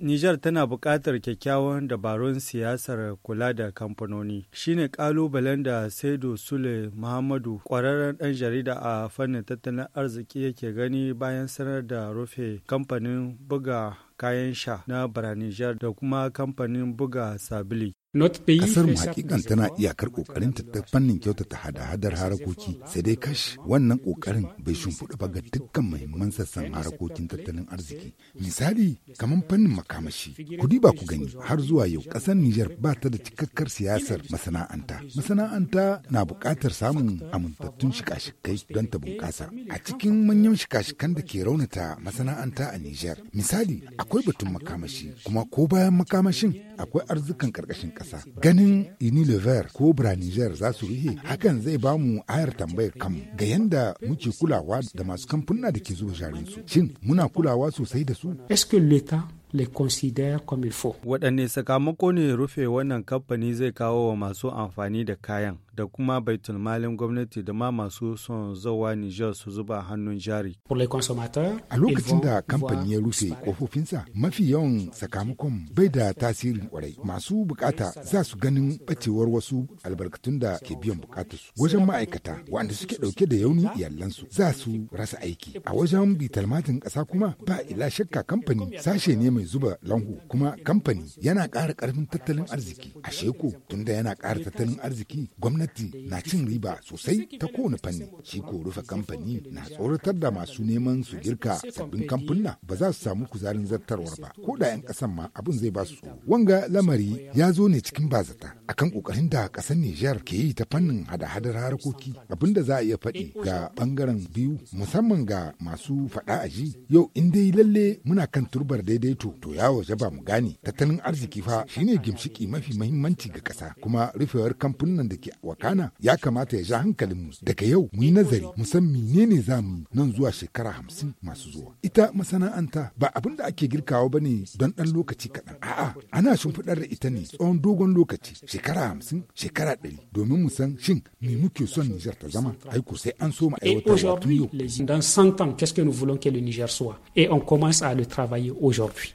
Nijar tana buƙatar kyakkyawan dabarun siyasar kula da kamfanoni. Shine ƙalubalen da Saido Sule Muhammadu ƙwararren ɗan jarida a fannin tattalin arziki yake gani bayan sanar da rufe kamfanin buga kayan sha na Baranijar da kuma kamfanin buga sabili. Kasar mu hakikan tana iyakar kokarin ta fannin kyautata hada-hadar harakoki sai dai kash wannan kokarin bai shimfiɗa ba ga dukkan muhimman sassan harakokin tattalin arziki. Misali kamar fannin makamashi kudi ba ku gani har zuwa yau ƙasar Nijar ba ta da cikakkar siyasar masana'anta. Masana'anta na buƙatar samun amintattun shika-shikai don ta bunƙasa. A cikin manyan shika-shikan da ke raunata masana'anta a Nijar misali akwai batun makamashi kuma ko bayan makamashin akwai arzikan ƙarƙashin ƙasa. Ganin lever ko Braniger za su rihe hakan zai ba mu ayar tambayar kanmu ga yanda muke kulawa da masu kamfuna da ke zuba jarinsu. Shin muna kulawa sosai da su? le consider comme il faut. Waɗanne sakamako ne rufe wannan kamfani zai kawo wa masu amfani da kayan da kuma baitul malin gwamnati da ma masu son zawa niger su zuba hannun jari. A lokacin da kamfani ya rufe kofofinsa mafi yawan sakamakon bai da tasirin kwarai. Masu bukata za su ganin bacewar wasu albarkatun da ke biyan bukatarsu. Wajen ma'aikata waɗanda suke ɗauke da yauni iyalansu za su rasa aiki. A wajen bitalmatin ƙasa kuma ba ila shakka kamfani sashe ne mai zuba lanhu kuma kamfani yana ƙara ƙarfin tattalin arziki a sheko tunda yana ƙara tattalin arziki gwamnati na cin riba sosai ta kowane fanni shi ko rufe kamfani na tsoratar da masu neman su girka sabbin kamfuna ba za su samu kuzarin zartarwar ba ko da 'yan ƙasan ma abin zai ba su tsoro wanga lamari ya zo ne cikin bazata kan ƙoƙarin da ƙasar Nijar ke yi ta fannin hada-hadar harkoki abin da za a iya faɗi ga ɓangaren biyu musamman ga masu faɗa aji yau in dai lalle muna kan turbar daidaito mutu to ya waje ba mu gane tattalin arziki fa shine gimshiki mafi mahimmanci ga kasa. kuma rufewar kamfunan da ke wakana ya kamata ya ja mu daga yau mu yi nazari mu san menene za mu nan zuwa shekara hamsin masu zuwa ita masana'anta ba abin da ake girkawa ba ne don ɗan lokaci kaɗan a'a ana shimfiɗar da ita ne tsawon dogon lokaci shekara hamsin shekara ɗari domin mu san shin me muke son Niger ta zama aiko sai an so mu aiwatar tun yau. Dans Niger soit? Et on commence à le travailler aujourd'hui.